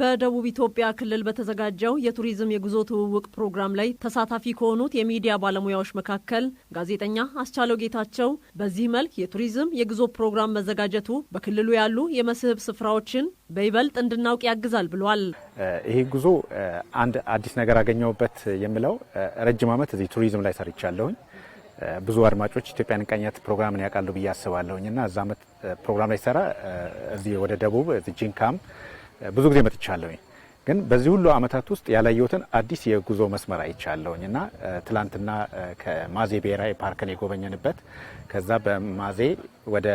በደቡብ ኢትዮጵያ ክልል በተዘጋጀው የቱሪዝም የጉዞ ትውውቅ ፕሮግራም ላይ ተሳታፊ ከሆኑት የሚዲያ ባለሙያዎች መካከል ጋዜጠኛ አስቻለው ጌታቸው በዚህ መልክ የቱሪዝም የጉዞ ፕሮግራም መዘጋጀቱ በክልሉ ያሉ የመስህብ ስፍራዎችን በይበልጥ እንድናውቅ ያግዛል ብሏል። ይሄ ጉዞ አንድ አዲስ ነገር አገኘሁበት የምለው ረጅም ዓመት እዚህ ቱሪዝም ላይ ሰርቻለሁኝ። ብዙ አድማጮች ኢትዮጵያን ቀኘት ፕሮግራምን ያውቃሉ ብዬ አስባለሁኝ እና እዛ ዓመት ፕሮግራም ላይ ሰራ እዚህ ወደ ደቡብ ጂንካም ብዙ ጊዜ መጥቻለሁኝ፣ ግን በዚህ ሁሉ ዓመታት ውስጥ ያላየሁትን አዲስ የጉዞ መስመር አይቻለሁኝ እና ትላንትና ከማዜ ብሔራዊ ፓርክን የጎበኘንበት ከዛ በማዜ ወደ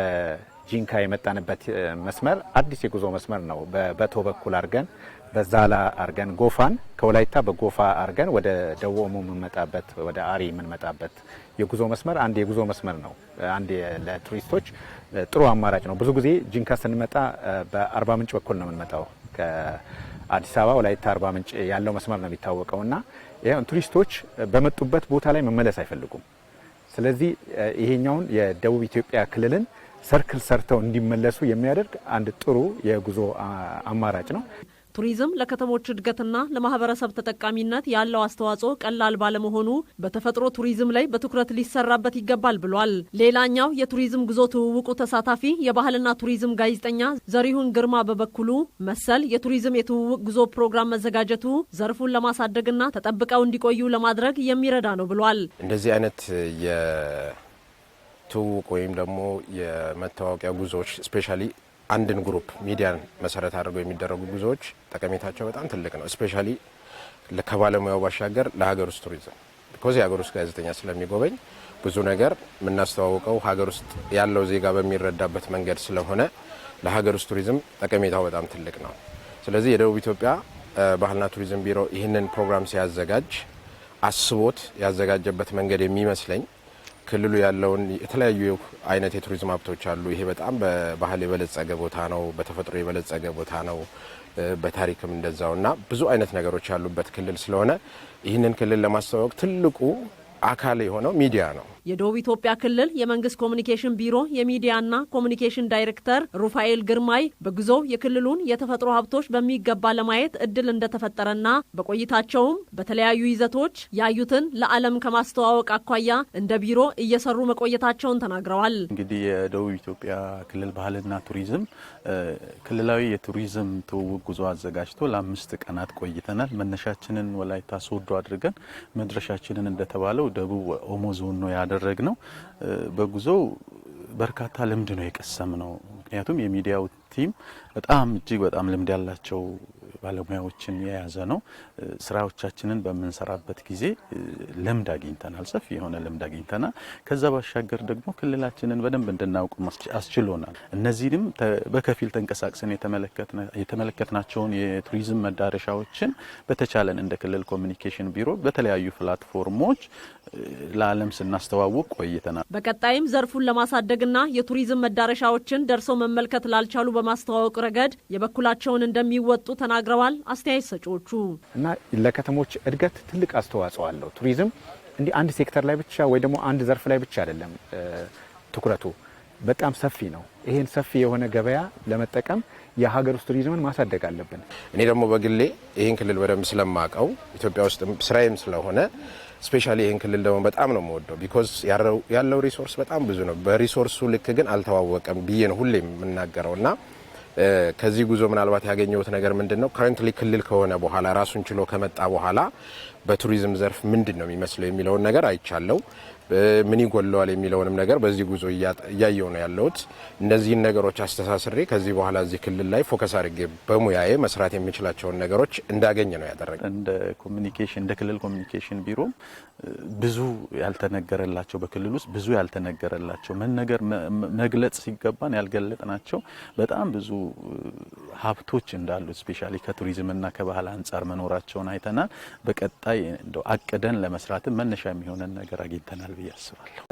ጂንካ የመጣንበት መስመር አዲስ የጉዞ መስመር ነው። በበቶ በኩል አርገን በዛላ አርገን ጎፋን ከወላይታ በጎፋ አርገን ወደ ደወሙ የምንመጣበት ወደ አሪ የምንመጣበት የጉዞ መስመር አንድ የጉዞ መስመር ነው። አንድ ለቱሪስቶች ጥሩ አማራጭ ነው። ብዙ ጊዜ ጂንካ ስንመጣ በአርባ ምንጭ በኩል ነው የምንመጣው። ከአዲስ አበባ ወላይታ አርባ ምንጭ ያለው መስመር ነው የሚታወቀው እና ቱሪስቶች በመጡበት ቦታ ላይ መመለስ አይፈልጉም። ስለዚህ ይሄኛውን የደቡብ ኢትዮጵያ ክልልን ሰርክል ሰርተው እንዲመለሱ የሚያደርግ አንድ ጥሩ የጉዞ አማራጭ ነው። ቱሪዝም ለከተሞች እድገትና ለማህበረሰብ ተጠቃሚነት ያለው አስተዋጽኦ ቀላል ባለመሆኑ በተፈጥሮ ቱሪዝም ላይ በትኩረት ሊሰራበት ይገባል ብሏል። ሌላኛው የቱሪዝም ጉዞ ትውውቁ ተሳታፊ የባህልና ቱሪዝም ጋዜጠኛ ዘሪሁን ግርማ በበኩሉ መሰል የቱሪዝም የትውውቅ ጉዞ ፕሮግራም መዘጋጀቱ ዘርፉን ለማሳደግና ተጠብቀው እንዲቆዩ ለማድረግ የሚረዳ ነው ብሏል። እንደዚህ አይነት ትውውቅ ወይም ደግሞ የመታወቂያ ጉዞዎች ስፔሻሊ አንድን ግሩፕ ሚዲያን መሰረት አድርገው የሚደረጉ ጉዞዎች ጠቀሜታቸው በጣም ትልቅ ነው። ስፔሻሊ ከባለሙያው ባሻገር ለሀገር ውስጥ ቱሪዝም ቢኮዝ የሀገር ውስጥ ጋዜጠኛ ስለሚጎበኝ ብዙ ነገር የምናስተዋውቀው ሀገር ውስጥ ያለው ዜጋ በሚረዳበት መንገድ ስለሆነ ለሀገር ውስጥ ቱሪዝም ጠቀሜታው በጣም ትልቅ ነው። ስለዚህ የደቡብ ኢትዮጵያ ባህልና ቱሪዝም ቢሮ ይህንን ፕሮግራም ሲያዘጋጅ አስቦት ያዘጋጀበት መንገድ የሚመስለኝ ክልሉ ያለውን የተለያዩ አይነት የቱሪዝም ሀብቶች አሉ። ይሄ በጣም በባህል የበለጸገ ቦታ ነው። በተፈጥሮ የበለጸገ ቦታ ነው። በታሪክም እንደዛው እና ብዙ አይነት ነገሮች ያሉበት ክልል ስለሆነ ይህንን ክልል ለማስተዋወቅ ትልቁ አካል የሆነው ሚዲያ ነው። የደቡብ ኢትዮጵያ ክልል የመንግስት ኮሚኒኬሽን ቢሮ የሚዲያና ኮሚኒኬሽን ዳይሬክተር ሩፋኤል ግርማይ በጉዞው የክልሉን የተፈጥሮ ሀብቶች በሚገባ ለማየት እድል እንደተፈጠረና በቆይታቸውም በተለያዩ ይዘቶች ያዩትን ለዓለም ከማስተዋወቅ አኳያ እንደ ቢሮ እየሰሩ መቆየታቸውን ተናግረዋል። እንግዲህ የደቡብ ኢትዮጵያ ክልል ባህልና ቱሪዝም ክልላዊ የቱሪዝም ትውውቅ ጉዞ አዘጋጅቶ ለአምስት ቀናት ቆይተናል። መነሻችንን ወላይታ ሶዶ አድርገን መድረሻችንን እንደተባለው ደቡብ ኦሞ ዞን ነው ያደ ነው በጉዞ በርካታ ልምድ ነው የቀሰም ነው። ምክንያቱም የሚዲያው ቲም በጣም እጅግ በጣም ልምድ ያላቸው ባለሙያዎችን የያዘ ነው። ስራዎቻችንን በምንሰራበት ጊዜ ልምድ አግኝተናል፣ ሰፊ የሆነ ልምድ አግኝተናል። ከዛ ባሻገር ደግሞ ክልላችንን በደንብ እንድናውቅ አስችሎናል። እነዚህንም በከፊል ተንቀሳቅሰን የተመለከትናቸውን የቱሪዝም መዳረሻዎችን በተቻለን እንደ ክልል ኮሚኒኬሽን ቢሮ በተለያዩ ፕላትፎርሞች ለዓለም ስናስተዋውቅ ቆይተናል። በቀጣይም ዘርፉን ለማሳደግና የቱሪዝም መዳረሻዎችን ደርሰው መመልከት ላልቻሉ በማስተዋወቅ ረገድ የበኩላቸውን እንደሚወጡ ተናግረዋል። ተናግረዋል አስተያየት ሰጪዎቹ። እና ለከተሞች እድገት ትልቅ አስተዋጽኦ አለው ቱሪዝም። እንዲህ አንድ ሴክተር ላይ ብቻ ወይ ደግሞ አንድ ዘርፍ ላይ ብቻ አይደለም ትኩረቱ በጣም ሰፊ ነው። ይሄን ሰፊ የሆነ ገበያ ለመጠቀም የሀገር ውስጥ ቱሪዝምን ማሳደግ አለብን። እኔ ደግሞ በግሌ ይህን ክልል በደንብ ስለማውቀው ኢትዮጵያ ውስጥ ስራዬም ስለሆነ ስፔሻሊ ይህን ክልል ደግሞ በጣም ነው የምወደው። ቢኮዝ ያለው ሪሶርስ በጣም ብዙ ነው። በሪሶርሱ ልክ ግን አልተዋወቀም ብዬ ነው ሁሌ የምናገረው እና ከዚህ ጉዞ ምናልባት ያገኘሁት ነገር ምንድን ነው? ከረንትሊ ክልል ከሆነ በኋላ ራሱን ችሎ ከመጣ በኋላ በቱሪዝም ዘርፍ ምንድን ነው የሚመስለው የሚለውን ነገር አይቻለው። ምን ይጎለዋል የሚለውንም ነገር በዚህ ጉዞ እያየው ነው ያለሁት። እነዚህን ነገሮች አስተሳስሬ ከዚህ በኋላ እዚህ ክልል ላይ ፎከስ አድርጌ በሙያዬ መስራት የሚችላቸውን ነገሮች እንዳገኝ ነው ያደረገ። እንደ ኮሚኒኬሽን እንደ ክልል ኮሚኒኬሽን ቢሮ ብዙ ያልተነገረላቸው በክልል ውስጥ ብዙ ያልተነገረላቸው መነገር መግለጽ ሲገባን ያልገለጥናቸው በጣም ብዙ ሀብቶች እንዳሉ ስፔሻሊ ከቱሪዝምና ከባህል አንጻር መኖራቸውን አይተናል። በቀጣይ ላይ አቅደን ለመስራትም መነሻ የሚሆነን ነገር አግኝተናል ብዬ አስባለሁ።